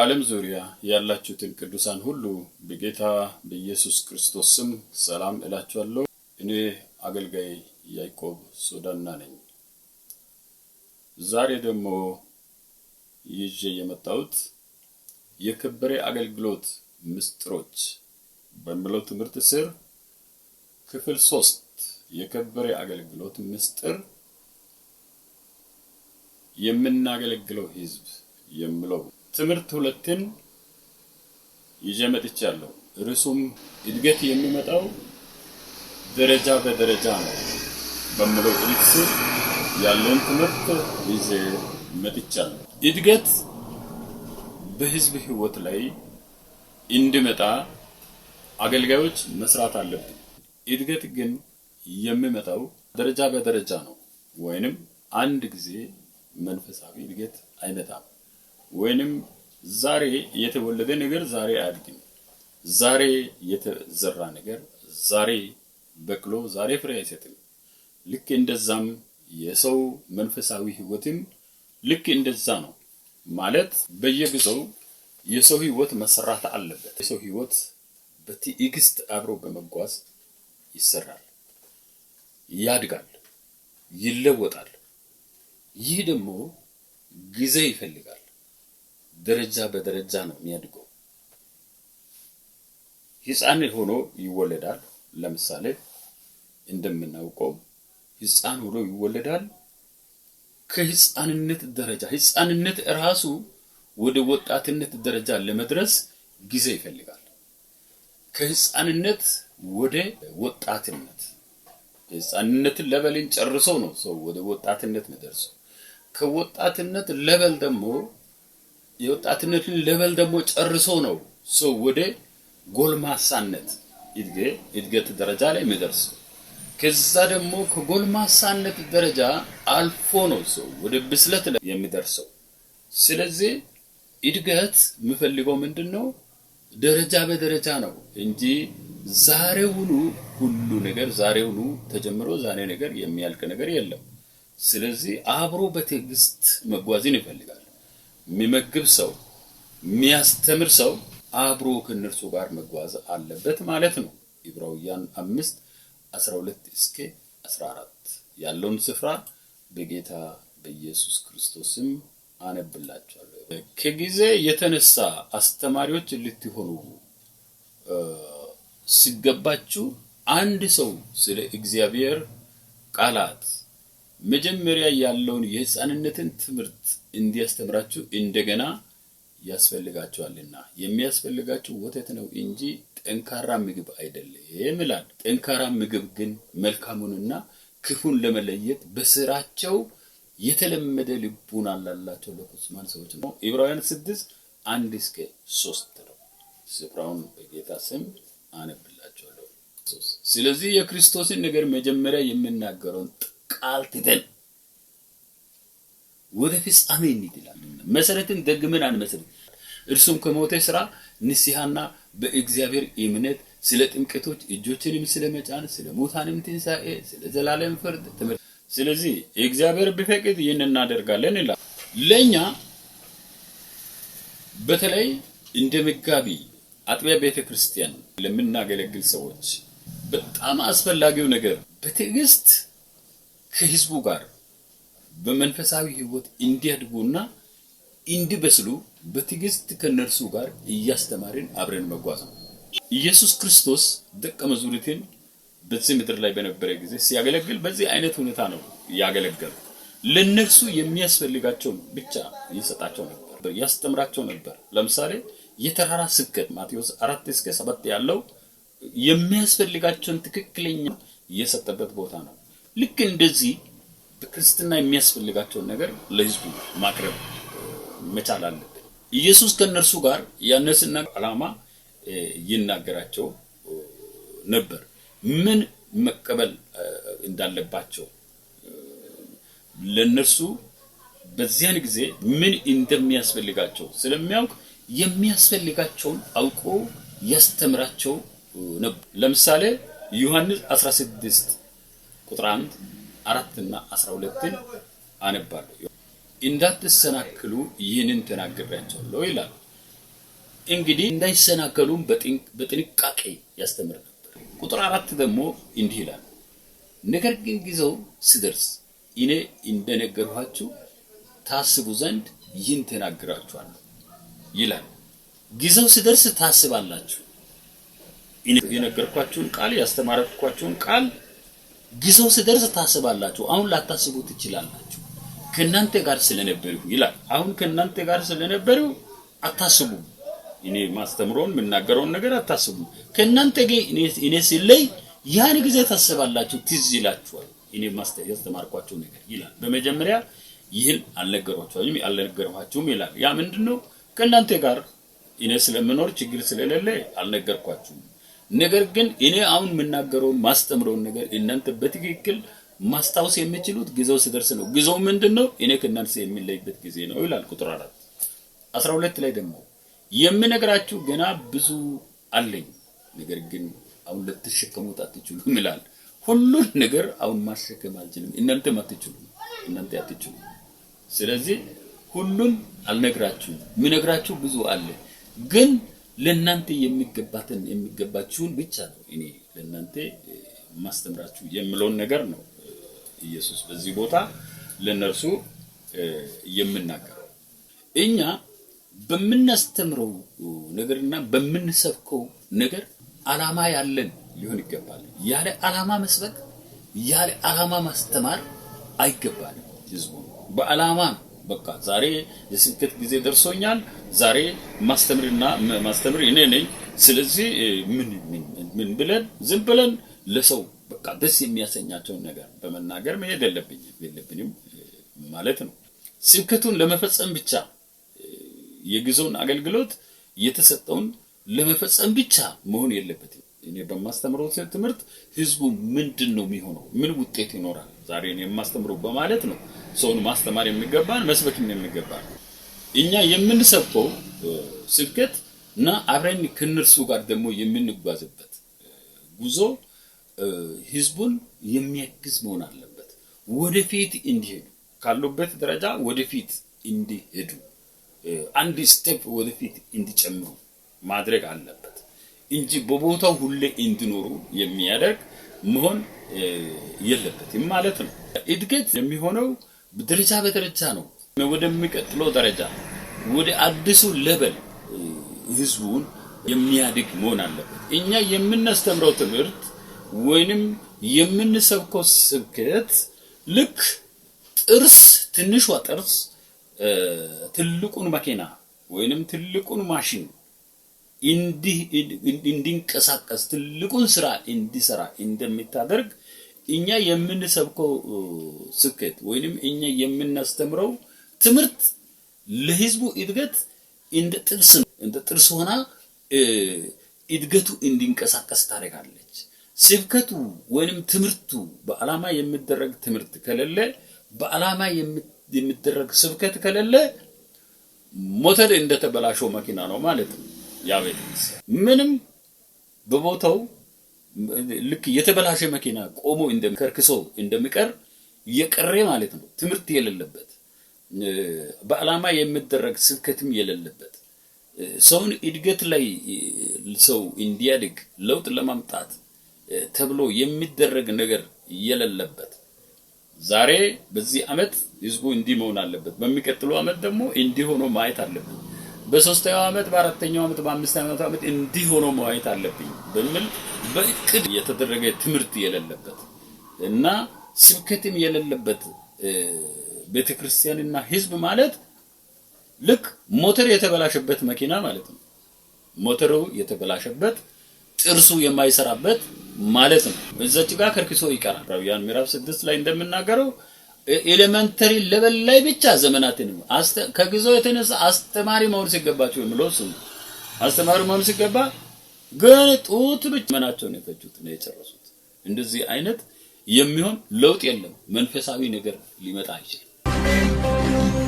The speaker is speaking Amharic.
በዓለም ዙሪያ ያላችሁትን ቅዱሳን ሁሉ በጌታ በኢየሱስ ክርስቶስ ስም ሰላም እላችኋለሁ። እኔ አገልጋይ ያዕቆብ ሶዳና ነኝ። ዛሬ ደግሞ ይዤ የመጣሁት የከበረ አገልግሎት ምስጢሮች በሚለው ትምህርት ስር ክፍል ሶስት የከበረ አገልግሎት ምስጢር የምናገለግለው ሕዝብ የሚለው ትምህርት ሁለትን ይዤ መጥቻለሁ። ርዕሱም እድገት የሚመጣው ደረጃ በደረጃ ነው በሚለው ጥሪት ያለውን ትምህርት ይዤ መጥቻለሁ። እድገት በህዝብ ህይወት ላይ እንዲመጣ አገልጋዮች መስራት አለብን። እድገት ግን የሚመጣው ደረጃ በደረጃ ነው፣ ወይንም አንድ ጊዜ መንፈሳዊ እድገት አይመጣም። ወይንም ዛሬ የተወለደ ነገር ዛሬ አያድግም። ዛሬ የተዘራ ነገር ዛሬ በቅሎ ዛሬ ፍሬ አይሰጥም። ልክ እንደዛም የሰው መንፈሳዊ ህይወትም ልክ እንደዛ ነው። ማለት በየጊዜው የሰው ህይወት መሰራት አለበት። የሰው ህይወት በትዕግስት አብሮ በመጓዝ ይሰራል፣ ያድጋል፣ ይለወጣል። ይህ ደግሞ ጊዜ ይፈልጋል። ደረጃ በደረጃ ነው የሚያድገው። ህፃን ሆኖ ይወለዳል። ለምሳሌ እንደምናውቀው ህፃን ሆኖ ይወለዳል። ከህፃንነት ደረጃ ህፃንነት ራሱ ወደ ወጣትነት ደረጃ ለመድረስ ጊዜ ይፈልጋል። ከህፃንነት ወደ ወጣትነት ህፃንነትን ለበልን ጨርሰው ነው ሰው ወደ ወጣትነት መደርሰው። ከወጣትነት ለበል ደግሞ የወጣትነትን ሌቨል ደግሞ ጨርሶ ነው ሰው ወደ ጎልማሳነት እድገት ደረጃ ላይ የሚደርሰው። ከዛ ደግሞ ከጎልማሳነት ደረጃ አልፎ ነው ሰው ወደ ብስለት የሚደርሰው። ስለዚህ እድገት የሚፈልገው ምንድን ነው? ደረጃ በደረጃ ነው እንጂ ዛሬውኑ ሁሉ ነገር ዛሬውኑ ተጀምሮ ዛሬ ነገር የሚያልቅ ነገር የለም። ስለዚህ አብሮ በትዕግስት መጓዝን ይፈልጋል። የሚመግብ ሰው፣ የሚያስተምር ሰው አብሮ ከእነርሱ ጋር መጓዝ አለበት ማለት ነው። ዕብራውያን አምስት 12 እስከ 14 ያለውን ስፍራ በጌታ በኢየሱስ ክርስቶስም አነብላችኋለሁ። ከጊዜ የተነሳ አስተማሪዎች ልትሆኑ ሲገባችሁ አንድ ሰው ስለ እግዚአብሔር ቃላት መጀመሪያ ያለውን የህፃንነትን ትምህርት እንዲያስተምራችሁ እንደገና ያስፈልጋቸዋልና የሚያስፈልጋችሁ ወተት ነው እንጂ ጠንካራ ምግብ አይደለም ይላል። ጠንካራ ምግብ ግን መልካሙንና ክፉን ለመለየት በስራቸው የተለመደ ልቡን አላላቸው ለፍጹማን ሰዎች ነው። ዕብራውያን ስድስት አንድ እስከ ሶስት ነው። ስፍራውን በጌታ ስም አነብላቸዋለሁ። ስለዚህ የክርስቶስን ነገር መጀመሪያ የምናገረውን ቃል ትተን ወደ ፍጻሜ እንድላለን። መሰረትን ደግመን አንመሰረት። እርሱም ከሞተ ስራ ንስሐና በእግዚአብሔር እምነት ስለ ጥምቀቶች እጆችንም ስለ መጫን ስለ ሙታንም ትንሣኤ ስለ ዘላለም ፍርድ ትምህርት። ስለዚህ እግዚአብሔር ቢፈቅድ ይህን እናደርጋለን ይላል። ለእኛ በተለይ እንደ መጋቢ አጥቢያ ቤተ ክርስቲያን ለምናገለግል ሰዎች በጣም አስፈላጊው ነገር በትዕግስት ከህዝቡ ጋር በመንፈሳዊ ህይወት እንዲያድጉና እንዲበስሉ በትዕግስት ከነርሱ ጋር እያስተማርን አብረን መጓዝ ነው። ኢየሱስ ክርስቶስ ደቀ መዛሙርትን በዚህ ምድር ላይ በነበረ ጊዜ ሲያገለግል በዚህ አይነት ሁኔታ ነው ያገለገሉ። ለነርሱ የሚያስፈልጋቸውን ብቻ ይሰጣቸው ነበር፣ ያስተምራቸው ነበር። ለምሳሌ የተራራ ስብከት ማቴዎስ አራት እስከ ሰባት ያለው የሚያስፈልጋቸውን ትክክለኛ የሰጠበት ቦታ ነው። ልክ እንደዚህ በክርስትና የሚያስፈልጋቸውን ነገር ለህዝቡ ማቅረብ መቻል አለብን። ኢየሱስ ከእነርሱ ጋር ያነስና ዓላማ ይናገራቸው ነበር። ምን መቀበል እንዳለባቸው ለእነርሱ በዚያን ጊዜ ምን እንደሚያስፈልጋቸው ስለሚያውቅ የሚያስፈልጋቸውን አውቆ ያስተምራቸው ነበር። ለምሳሌ ዮሐንስ 16 ቁጥር አንድ አራትና አስራ ሁለትን አነባለሁ። እንዳትሰናክሉ ይህንን ተናግሬያቸዋለሁ ይላል። እንግዲህ እንዳይሰናከሉም በጥንቃቄ ያስተምር ነበር። ቁጥር አራት ደግሞ እንዲህ ይላል፣ ነገር ግን ጊዜው ሲደርስ እኔ እንደነገርኋችሁ ታስቡ ዘንድ ይህን ተናግራችኋለሁ ይላል። ጊዜው ሲደርስ ታስባላችሁ። የነገርኳችሁን ቃል ያስተማረኳችሁን ቃል ጊዜው ስደርስ ታስባላችሁ። አሁን ላታስቡ ትችላላችሁ። ከእናንተ ጋር ስለነበርሁ ይላል። አሁን ከእናንተ ጋር ስለነበርሁ አታስቡ። እኔ ማስተምሮን የምናገረውን ነገር አታስቡ። ከእናንተ ጋር እኔ ስለይ ያን ጊዜ ታስባላችሁ፣ ትዝ ይላችኋል። እኔ ያስተማርኳቸው ነገር ይላል። በመጀመሪያ ይህን አልነገሯችሁም አልነገርኋችሁም ይላል። ያ ምንድን ነው? ከእናንተ ጋር እኔ ስለምኖር ችግር ስለሌለ አልነገርኳችሁም። ነገር ግን እኔ አሁን የምናገረውን ማስተምረውን ነገር እናንተ በትክክል ማስታወስ የምችሉት ጊዜው ሲደርስ ነው። ጊዜው ምንድን ነው? እኔ ከእናንተ የሚለይበት ጊዜ ነው ይላል ቁጥር አራት አስራ ሁለት ላይ ደግሞ የምነግራችሁ ገና ብዙ አለኝ፣ ነገር ግን አሁን ልትሸከሙት አትችሉም ይላል። ሁሉን ነገር አሁን ማሸከም አልችልም፣ እናንተም አትችሉም፣ እናንተ አትችሉም። ስለዚህ ሁሉን አልነግራችሁም፣ የምነግራችሁ ብዙ አለ ግን ለእናንተ የሚገባትን የሚገባችሁን ብቻ ነው እኔ ለእናንተ ማስተምራችሁ የምለውን ነገር ነው ኢየሱስ በዚህ ቦታ ለነርሱ የምናገረው። እኛ በምናስተምረው ነገርና በምንሰብከው ነገር ዓላማ ያለን ሊሆን ይገባል። ያለ ዓላማ መስበክ፣ ያለ ዓላማ ማስተማር አይገባል። ህዝቡ በዓላማ በቃ ዛሬ የስንከት ጊዜ ደርሶኛል። ዛሬ ማስተምርና ማስተምር እኔ ነኝ። ስለዚህ ምን ምን ብለን ዝም ብለን ለሰው በቃ ደስ የሚያሰኛቸውን ነገር በመናገር መሄድ የለብኝም የለብኝም ማለት ነው። ስብከቱን ለመፈጸም ብቻ የጉዞውን አገልግሎት የተሰጠውን ለመፈጸም ብቻ መሆን የለበትም። እኔ በማስተምረው ትምህርት ህዝቡ ምንድን ነው የሚሆነው? ምን ውጤት ይኖራል? ዛሬን የማስተምሩ በማለት ነው። ሰውን ማስተማር የሚገባን መስበክም የሚገባን እኛ የምንሰብከው ስብከት እና አብረን ከነርሱ ጋር ደግሞ የምንጓዝበት ጉዞ ህዝቡን የሚያግዝ መሆን አለበት። ወደፊት እንዲሄዱ ካሉበት ደረጃ ወደፊት እንዲሄዱ አንድ ስቴፕ ወደፊት እንዲጨምሩ ማድረግ አለበት እንጂ በቦታው ሁሌ እንዲኖሩ የሚያደርግ መሆን የለበትም ማለት ነው። እድገት የሚሆነው ደረጃ በደረጃ ነው። ወደሚቀጥለው ደረጃ ወደ አዲሱ ለበል ህዝቡን የሚያድግ መሆን አለበት። እኛ የምናስተምረው ትምህርት ወይንም የምንሰብከው ስብከት ልክ ጥርስ ትንሿ ጥርስ ትልቁን መኪና ወይንም ትልቁን ማሽን እንዲንቀሳቀስ ትልቁን ስራ እንዲሰራ እንደሚታደርግ እኛ የምንሰብከው ስኬት ወይንም እኛ የምናስተምረው ትምህርት ለህዝቡ እድገት እንደ ጥርስ እንደ ጥርስ ሆና እድገቱ እንዲንቀሳቀስ ታደርጋለች። ስብከቱ ወይንም ትምህርቱ በዓላማ የሚደረግ ትምህርት ከሌለ፣ በዓላማ የሚደረግ ስብከት ከሌለ ሞተር እንደተበላሸው መኪና ነው ማለት ነው። የአቤል ምንም በቦታው ልክ የተበላሸ መኪና ቆሞ ከርክሶ እንደሚቀር የቀሬ ማለት ነው። ትምህርት የሌለበት በዓላማ የሚደረግ ስብከትም የሌለበት ሰውን እድገት ላይ ሰው እንዲያድግ ለውጥ ለማምጣት ተብሎ የሚደረግ ነገር የሌለበት ዛሬ በዚህ ዓመት ህዝቡ እንዲህ መሆን አለበት፣ በሚቀጥለው ዓመት ደግሞ እንዲህ ሆኖ ማየት አለበት። በሶስተኛው ዓመት በአራተኛው ዓመት በአምስተኛው ዓመት እንዲህ ሆኖ መዋየት አለብኝ በሚል በእቅድ የተደረገ ትምህርት የሌለበት እና ስብከትም የሌለበት ቤተክርስቲያንና ህዝብ ማለት ልክ ሞተር የተበላሸበት መኪና ማለት ነው። ሞተሩ የተበላሸበት ጥርሱ የማይሰራበት ማለት ነው። እዛች ጋር ከርክሶ ይቀራል። ዕብራውያን ምዕራፍ ስድስት ላይ እንደምናገረው ኤሌመንተሪ ለበል ላይ ብቻ ዘመናትን ከጊዜው የተነሳ አስተማሪ መሆን ሲገባቸው የምለው እሱ አስተማሪ መሆን ሲገባ ግን ጡት ብቻ ነው የፈጁት ነው የጨረሱት። እንደዚህ አይነት የሚሆን ለውጥ የለም። መንፈሳዊ ነገር ሊመጣ አይችልም።